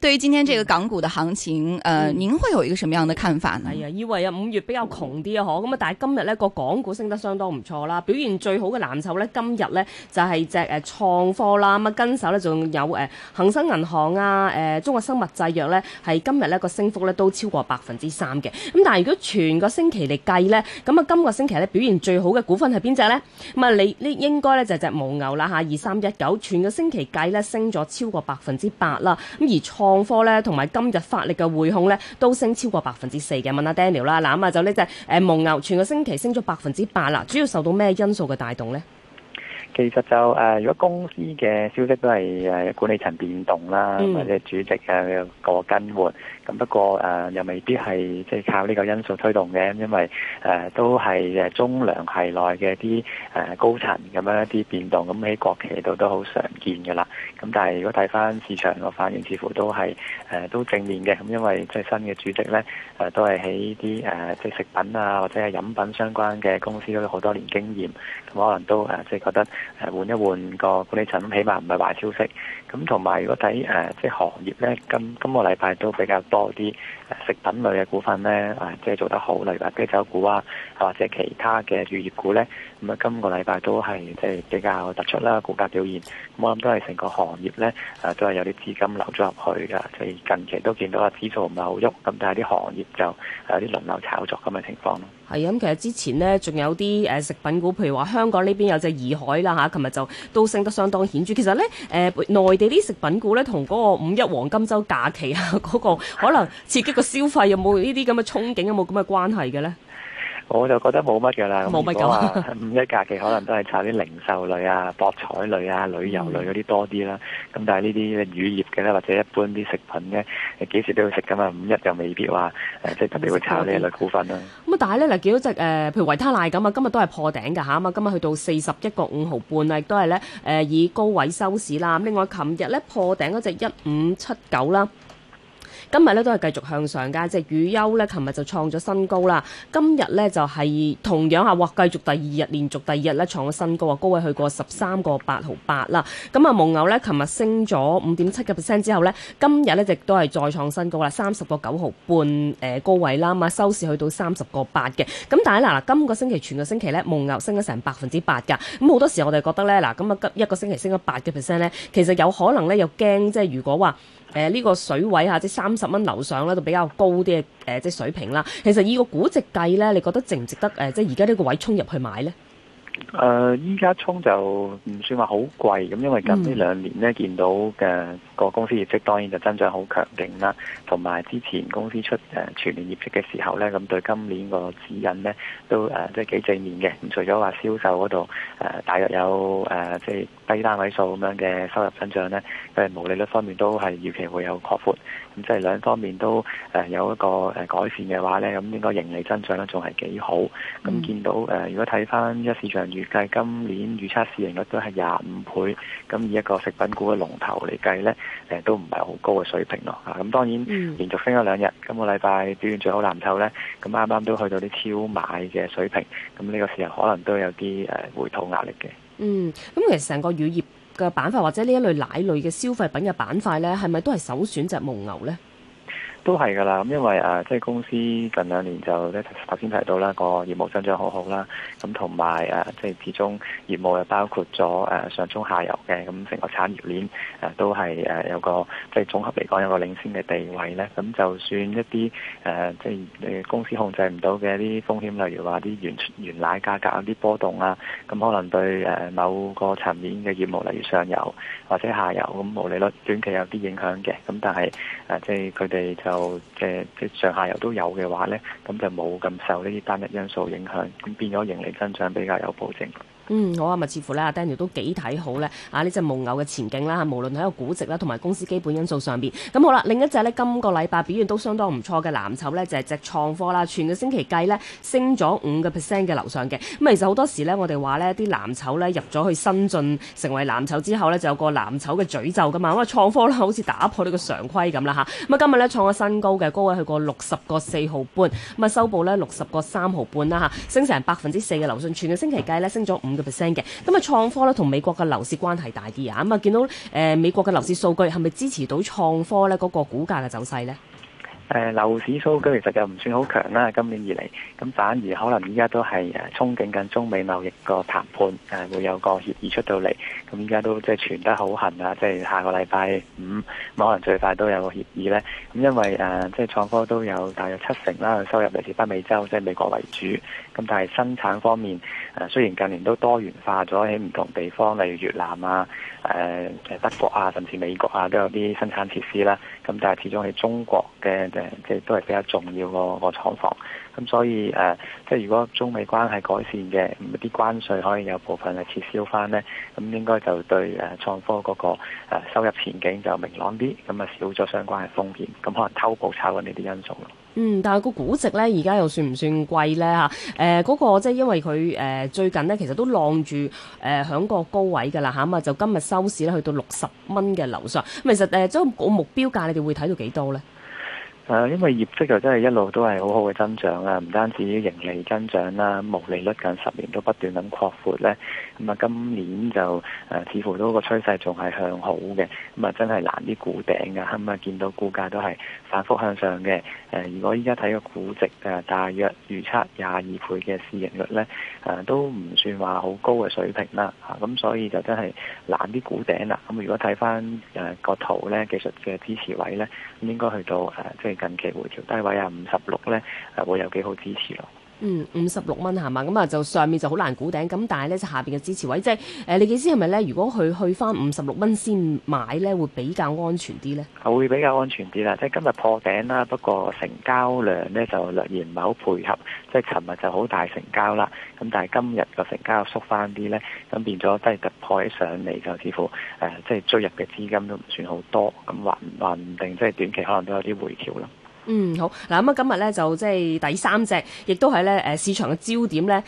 對於今天這個港股的行情，誒、嗯呃，您會有一個什麼樣的看法呢？係啊、哎，以為啊五月比較窮啲啊，嗬，咁啊，但係今日咧個港股升得相當唔錯啦，表現最好嘅藍籌咧，今日呢就係隻誒創科啦，咁啊跟手咧仲有誒恒生銀行啊，誒中國生物製藥呢，係今日呢個升幅咧都超過百分之三嘅，咁但係如果全個星期嚟計呢，咁啊今個星期咧表現最好嘅股份係邊隻咧？咁啊你呢應該咧就係隻母牛啦吓，二三一九，全個星期計咧升咗超過百分之八啦，咁而創。礦科咧，同埋今日發力嘅匯控咧，都升超過百分之四嘅。問下 Daniel 啦，嗱，就呢隻蒙牛，全個星期升咗百分之八啦，主要受到咩因素嘅帶動呢？其實就誒、呃，如果公司嘅消息都係誒、呃、管理層變動啦，mm. 或者主席啊、呃、過更換，咁不過誒、呃、又未必係即係靠呢個因素推動嘅，因為誒、呃、都係誒中糧系內嘅啲誒高層咁樣一啲變動，咁、嗯、喺國企度都好常見㗎啦。咁但係如果睇翻市場個反應，似乎都係誒、呃、都正面嘅，咁因為即係新嘅主席咧誒、呃、都係喺啲誒即係食品啊或者係飲品相關嘅公司都有好多年經驗，咁可能都誒即係覺得。誒換一換個管理層，起碼唔係壞消息。咁同埋如果睇誒、呃、即係行業咧，今今個禮拜都比較多啲誒食品類嘅股份咧，啊即係做得好，例如話啤酒股啊，或者其他嘅乳業股咧，咁、嗯、啊今個禮拜都係即係比較突出啦，股價表現。我諗都係成個行業咧，誒、啊、都係有啲資金流咗入去㗎，所以近期都見到啊指數唔係好喐，咁但係啲行業就有啲輪流炒作咁嘅情況咯。係啊，咁其實之前咧仲有啲誒食品股，譬如話香港呢邊有隻怡海啦吓，琴日就都升得相當顯著。其實咧誒、呃、內。你哋啲食品股咧，同嗰個五一黃金周假期啊，嗰個可能刺激個消費有冇呢啲咁嘅憧憬有有，有冇咁嘅關係嘅咧？我就覺得冇乜嘅啦，咁如果話五一假期可能都係炒啲零售類啊、博彩類啊、旅遊類嗰啲多啲啦，咁但係呢啲乳業嘅咧，或者一般啲食品咧，誒幾時都要食噶嘛，五一就未必話誒即係特別會炒呢類股份啦。咁 啊樂，但係咧嗱，見到隻誒，譬如維他奶咁啊，今日都係破頂㗎嚇嘛，今日去到四十一個五毫半啊，亦都係咧誒以高位收市79，啦。咁另外，琴日咧破頂嗰隻一五七九啦。今日咧都係繼續向上㗎，即係雨休咧，琴日就創咗新高啦。今日咧就係、是、同樣嚇，哇，繼續第二日連續第二日咧創咗新高啊，高位去過十三個八毫八啦。咁啊，蒙牛咧，琴日升咗五點七個 percent 之後咧，今日咧亦都係再創新高啦，三十個九毫半誒高位啦，咁啊收市去到三十個八嘅。咁但係嗱、呃，今個星期全個星期咧，蒙牛升咗成百分之八㗎。咁好多時我哋覺得咧，嗱、呃，咁啊一個星期升咗八個 percent 咧，其實有可能咧又驚，即係如果話。誒，呢、呃，這個水位吓，即係三十蚊樓上咧，就比較高啲嘅，誒，即係水平啦。其實以個估值計咧，你覺得值唔值得？誒、呃，即係而家呢個位沖入去買咧？誒，依家沖就唔算話好貴咁，因為近呢兩年咧，見到嘅個公司業績當然就增長好強勁啦。同埋之前公司出誒全年業績嘅時候咧，咁對今年個指引咧都誒、呃、即係幾正面嘅。咁除咗話銷售嗰度誒大約有誒、呃、即係低單位數咁樣嘅收入增長咧，嘅毛利率方面都係預期會有擴闊。咁即係兩方面都誒有一個誒改善嘅話咧，咁應該盈利增長咧仲係幾好。咁見到誒、呃、如果睇翻一市場。預計今年預測市盈率都係廿五倍，咁以一個食品股嘅龍頭嚟計咧，誒、呃、都唔係好高嘅水平咯。嚇、啊，咁當然、嗯、連續升咗兩日，今個禮拜表現最好藍籌咧，咁啱啱都去到啲超買嘅水平，咁呢個時候可能都有啲誒、呃、回吐壓力嘅。嗯，咁其實成個乳業嘅板塊或者呢一類奶類嘅消費品嘅板塊咧，係咪都係首選隻蒙牛咧？都係噶啦，咁因為誒，即、啊、係、就是、公司近兩年就咧，頭先提到啦，個業務增長好好啦，咁同埋誒，即係始終業務又包括咗誒上中下游嘅，咁成個產業鏈誒都係誒有個即係、啊就是、總合嚟講有個領先嘅地位咧。咁就算一啲誒即係公司控制唔到嘅一啲風險，例如話啲原原奶價格一啲波動啊，咁可能對誒某個層面嘅業務，例如上游或者下游咁毛利率短期有啲影響嘅，咁但係誒即係佢哋就是。即係即係上下游都有嘅話咧，咁就冇咁受呢啲單一因素影響，咁變咗盈利增長比較有保證。嗯，好，好啊，咪似乎咧，阿 Daniel 都幾睇好咧，啊呢隻蒙牛嘅前景啦，無論喺個估值啦，同埋公司基本因素上邊。咁、嗯、好啦，另一隻呢，今個禮拜表現都相當唔錯嘅藍籌呢，就係隻創科啦。全個星期計呢，升咗五個 percent 嘅樓上嘅。咁其實好多時呢，我哋話呢啲藍籌呢，入咗去新進成為藍籌之後呢，就有個藍籌嘅詛咒噶嘛。咁啊創科咧好似打破呢個常規咁啦嚇。咁啊今日呢，創個新高嘅，高位去過六十個四毫半，咁啊收報呢，六十個三毫半啦嚇，升成百分之四嘅樓上。全個星期計呢，升咗五。嘅咁啊，創科咧同美國嘅樓市關係大啲啊。咁啊，見到誒、呃、美國嘅樓市數據係咪支持到創科咧嗰個股價嘅走勢咧？誒、呃、樓市數據其實又唔算好強啦，今年以嚟，咁反而可能依家都係誒、啊、憧憬緊中美貿易個談判誒、啊、會有個協議出到嚟，咁依家都即係傳得好痕啦，即、就、係、是、下個禮拜五、嗯、可能最快都有個協議呢。咁、啊、因為誒即係創科都有大約七成啦收入嚟自北美洲，即、就、係、是、美國為主，咁、啊、但係生產方面誒、啊、雖然近年都多元化咗喺唔同地方，例如越南啊、誒、啊、誒德國啊，甚至美國啊都有啲生產設施啦，咁、啊、但係始終喺中國嘅。誒，即係都係比較重要個個廠房咁，所以誒，即係如果中美關係改善嘅，啲關稅可以有部分係撤銷翻咧，咁應該就對誒創科嗰個收入前景就明朗啲，咁啊少咗相關嘅風險，咁可能偷步炒緊呢啲因素咯。嗯，但係個估值咧，而家又算唔算貴咧？嚇、呃、誒，嗰、嗰個即係因為佢誒、呃、最近咧，其實都浪住誒響個高位㗎啦嚇，咁啊就今日收市咧去到六十蚊嘅樓上，咁其實誒將個目標價你哋會睇到幾多咧？誒，因為業績就真係一路都係好好嘅增長啦、啊，唔單止盈利增長啦、啊，毛利率近十年都不斷咁擴闊咧，咁、嗯、啊今年就誒、呃、似乎都個趨勢仲係向好嘅，咁、嗯、啊真係難啲估頂㗎，咁、嗯、啊見到股價都係反覆向上嘅、呃，如果依家睇個估值誒、呃、大約預測廿二倍嘅市盈率咧，誒、呃、都唔算話好高嘅水平啦，嚇、啊，咁、嗯、所以就真係難啲估頂啦，咁、嗯、如果睇翻誒個圖咧，技術嘅支持位咧，咁應該去到誒即係。呃呃呃呃呃呃呃近期回調低位啊，五十六咧，係會有幾好支持咯。嗯，五十六蚊係嘛，咁啊就上面就好難估頂，咁但係咧就下邊嘅支持位，即係誒、呃，你意思係咪咧？如果佢去翻五十六蚊先買咧，會比較安全啲咧？會比較安全啲啦，即係今日破頂啦，不過成交量咧就略然唔係好配合，即係尋日就好大成交啦，咁但係今日個成交又縮翻啲咧，咁變咗都係突破起上嚟，就似乎誒、呃、即係追入嘅資金都唔算好多，咁話話唔定即係短期可能都有啲回調啦。嗯，好，嗱咁啊今日咧就即係第三隻，亦都係咧誒市場嘅焦點咧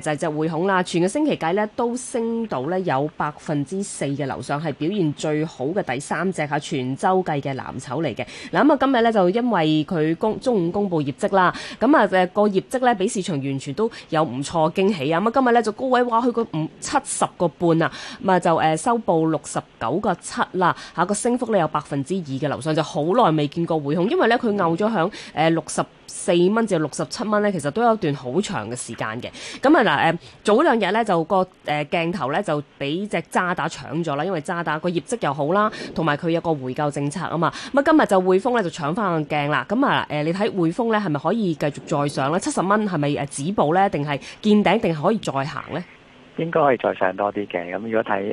誒就係隻匯控啦。全個星期計咧都升到咧有百分之四嘅樓上，係表現最好嘅第三隻嚇、啊，全周計嘅藍籌嚟嘅。嗱咁啊今日咧就因為佢公中午公布業績啦，咁啊誒個業績咧俾市場完全都有唔錯驚喜啊！咁、嗯、啊今日咧就高位哇，去個五七十個半啊，咁啊就誒、呃、收報六十九個七啦。下、啊、個升幅咧有百分之二嘅樓上，就好耐未見過匯控，因為咧佢牛。咗喺誒六十四蚊至六十七蚊咧，其實都有一段好長嘅時間嘅。咁啊嗱誒，早兩日咧就個誒、嗯、鏡頭，咧就俾隻渣打搶咗啦，因為渣打個業績又好啦，同埋佢有，有個回購政策啊嘛。咁、嗯、啊今日就匯豐咧就搶返個鏡啦。咁啊誒，你睇匯豐咧係咪可以繼續再上咧？七十蚊係咪誒止步咧？定係見頂？定係可以再行咧？應該可以再上多啲嘅，咁如果睇誒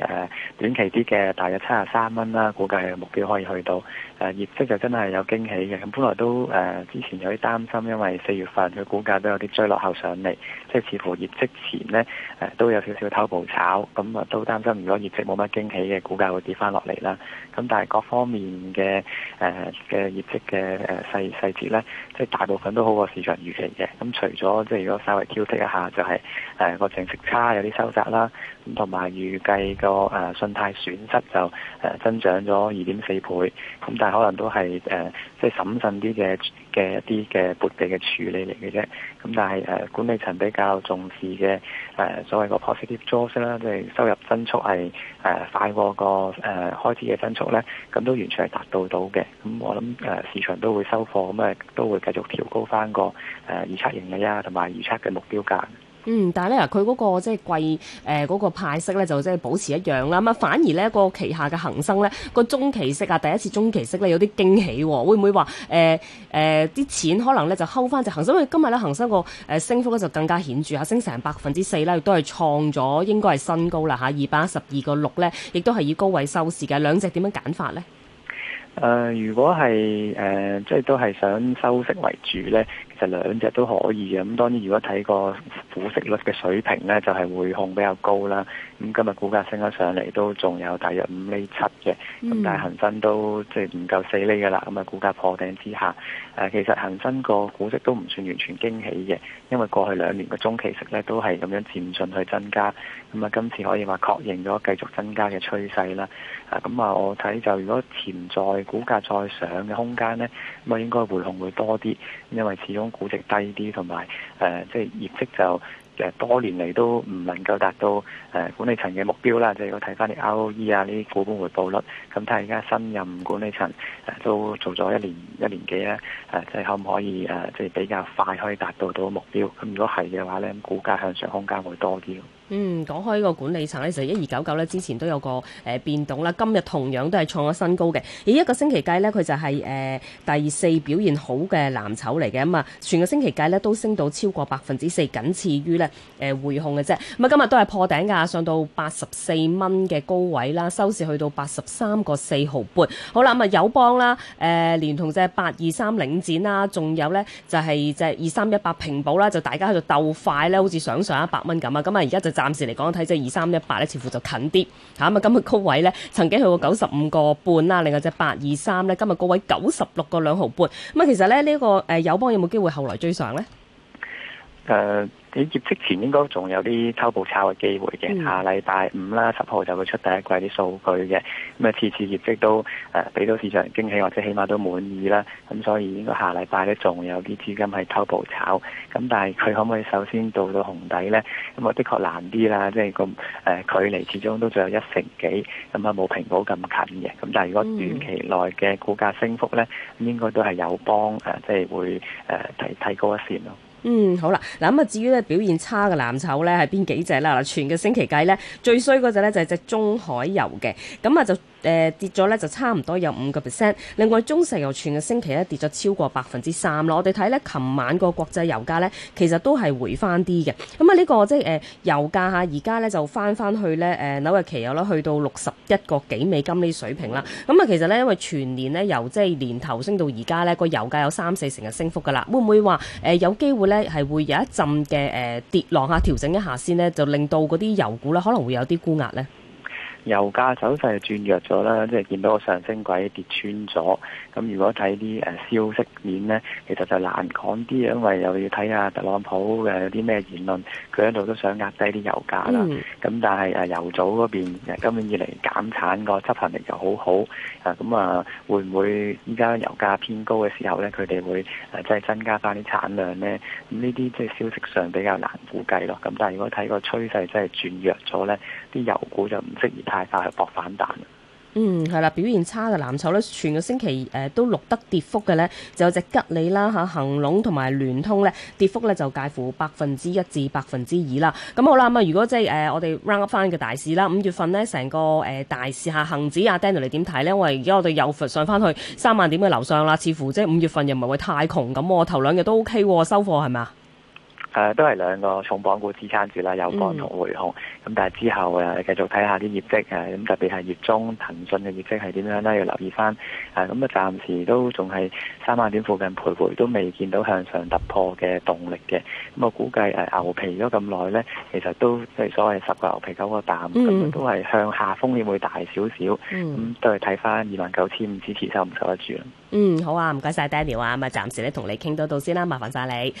短期啲嘅，大約七十三蚊啦，估計嘅目標可以去到。誒業績就真係有驚喜嘅，咁本來都誒、呃、之前有啲擔心，因為四月份佢股價都有啲追落後上嚟，即係似乎業績前呢誒、呃、都有少少偷步炒，咁、嗯、啊都擔心，如果業績冇乜驚喜嘅，股價會跌翻落嚟啦。咁、嗯、但係各方面嘅誒嘅業績嘅誒細細節呢，即係大部分都好過市場預期嘅。咁、嗯、除咗即係如果稍微挑剔一下，就係誒個淨息差有啲收啦、啊，咁同埋預計個誒、啊、信貸損失就誒、啊、增長咗二點四倍，咁但係可能都係誒即係審慎啲嘅嘅一啲嘅撥備嘅處理嚟嘅啫。咁但係誒、啊、管理層比較重視嘅誒、啊、所謂個 positive jaws 啦、啊，即、就、係、是、收入增速係誒快過個誒、啊、開支嘅增速咧，咁、啊、都完全係達到到嘅。咁我諗誒市場都會收貨，咁、啊、誒都會繼續調高翻個誒、啊啊、預測盈利啊，同埋預測嘅目標價。嗯，但係咧佢嗰個即係貴誒嗰個派息咧就即係保持一樣啦，咁啊反而呢、個旗下嘅恒生咧、個中期息啊，第一次中期息咧有啲驚喜、哦，會唔會話誒誒啲錢可能咧就收翻隻恒生？因為今日咧恒生個誒升幅咧就更加顯著吓，升成百分之四啦，亦都係創咗應該係新高啦吓，二百一十二個六咧，亦都係以高位收市嘅，兩隻點樣揀法咧？誒、呃，如果係誒即係都係想收息為主咧？其實兩隻都可以嘅，咁當然如果睇個股息率嘅水平咧，就係、是、匯控比較高啦。咁今日股價升咗上嚟，都仲有大約五厘七嘅，咁、嗯、但係恒生都即係唔夠四厘嘅啦。咁啊，股價破頂之下，誒其實恒生個股息都唔算完全驚喜嘅，因為過去兩年個中期息咧都係咁樣漸進去增加，咁啊今次可以話確認咗繼續增加嘅趨勢啦。啊咁啊，我睇就如果潛在股價再上嘅空間咧，咁啊應該匯控會多啲，因為始終，估值低啲，同埋誒即係業績就誒、呃、多年嚟都唔能夠達到誒、呃、管理層嘅目標啦。即係要睇翻啲 ROE 啊，呢啲股本回報率。咁睇下而家新任管理層誒、啊、都做咗一年一年幾咧誒，即係可唔可以誒即係比較快可以達到到目標？咁如果係嘅話咧，股價向上空間會多啲。嗯，講開呢個管理層咧，就一二九九咧，之前都有個誒、呃、變動啦。今日同樣都係創咗新高嘅。而一個星期計呢，佢就係、是、誒、呃、第四表現好嘅藍籌嚟嘅咁啊，全個星期計呢都升到超過百分之四，僅次於呢誒匯控嘅啫。咁、嗯、啊，今日都係破頂噶，上到八十四蚊嘅高位啦，收市去到八十三個四毫半。好啦，咁、嗯、啊友邦啦，誒、呃、連同隻八二三領展啦，仲有呢就係隻二三一八平保啦，就大家喺度鬥快咧，好似想上上一百蚊咁啊。咁啊，而家就～暫時嚟講睇，即係二三一八咧，似乎就近啲嚇。咁啊，今日高位咧，曾經去過九十五個半啦，另外隻八二三咧，今日高位九十六個兩毫半。咁啊，其實咧，呢個誒友邦有冇機會後來追上咧？誒喺、呃、業績前應該仲有啲偷步炒嘅機會嘅，嗯、下禮拜五啦十號就會出第一季啲數據嘅，咁啊次次業績都誒俾、呃、到市場驚喜或者起碼都滿意啦，咁、嗯、所以應該下禮拜咧仲有啲資金係偷步炒，咁、嗯、但係佢可唔可以首先做到紅底咧？咁、嗯、啊的確難啲啦，即係個誒距離始終都仲有一成幾，咁啊冇蘋果咁近嘅，咁但係如果短期內嘅股價升幅咧，嗯嗯、應該都係有幫誒、呃，即係會誒提、呃、提高一線咯。嗯，好啦，嗱咁啊，至於咧表現差嘅藍籌咧，係邊幾隻啦？嗱，全個星期計咧，最衰嗰隻咧就係隻中海油嘅，咁啊就。誒、呃、跌咗咧，就差唔多有五個 percent。另外，中石油全個星期咧跌咗超過百分之三啦。我哋睇咧，琴晚個國際油價咧，其實都係回翻啲嘅。咁、嗯、啊，這個呃、呢個即係誒油價吓，而家咧就翻翻去咧誒紐約期油啦，去到六十一個幾美金呢水平啦。咁、嗯、啊，其實咧，因為全年咧由即係年頭升到而家咧，個油價有三四成嘅升幅噶啦。會唔會話誒、呃、有機會咧係會有一陣嘅誒跌浪下調整一下先咧，就令到嗰啲油股咧可能會有啲沽壓咧？油價走勢轉弱咗啦，即係見到個上升軌跌穿咗。咁如果睇啲誒消息面咧，其實就難講啲，因為又要睇下特朗普嘅有啲咩言論，佢一度都想壓低啲油價啦。咁、嗯、但係誒油組嗰邊，今年以嚟減產個執行力就好好。誒咁啊，會唔會依家油價偏高嘅時候咧，佢哋會誒即係增加翻啲產量咧？咁呢啲即係消息上比較難估計咯。咁但係如果睇個趨勢，真係轉弱咗咧。啲油股就唔適宜太快去搏反彈。嗯，係啦，表現差嘅藍籌咧，全個星期誒、呃、都錄得跌幅嘅咧，就有隻吉利啦、嚇恆隆同埋聯通咧，跌幅咧就介乎百分之一至百分之二啦。咁、嗯、好啦，咁、嗯、啊，如果即係誒、呃、我哋 round up 翻嘅大市啦，五月份咧成個誒、呃、大市下恆指阿、啊、Daniel 你點睇咧？因為而家我哋又上翻去三萬點嘅樓上啦，似乎即係五月份又唔係會太窮咁。我頭兩日都 O K 喎，收貨係咪？誒、啊、都係兩個重磅股支撐住啦，友邦同匯控。咁但係之後誒、啊、繼續睇下啲業績誒，咁特別係月中騰訊嘅業績係點樣咧？要留意翻。誒咁啊、嗯，暫時都仲係三萬點附近徘徊，都未見到向上突破嘅動力嘅。咁我估計誒牛皮咗咁耐咧，其實都即係所謂十個牛皮九個淡，咁都係向下風險會大少少。咁都係睇翻二萬九千五支持收唔收得住啦。嗯，好啊，唔該晒 Daniel 啊，咁暫時咧同你傾到呢度先啦，麻煩晒你。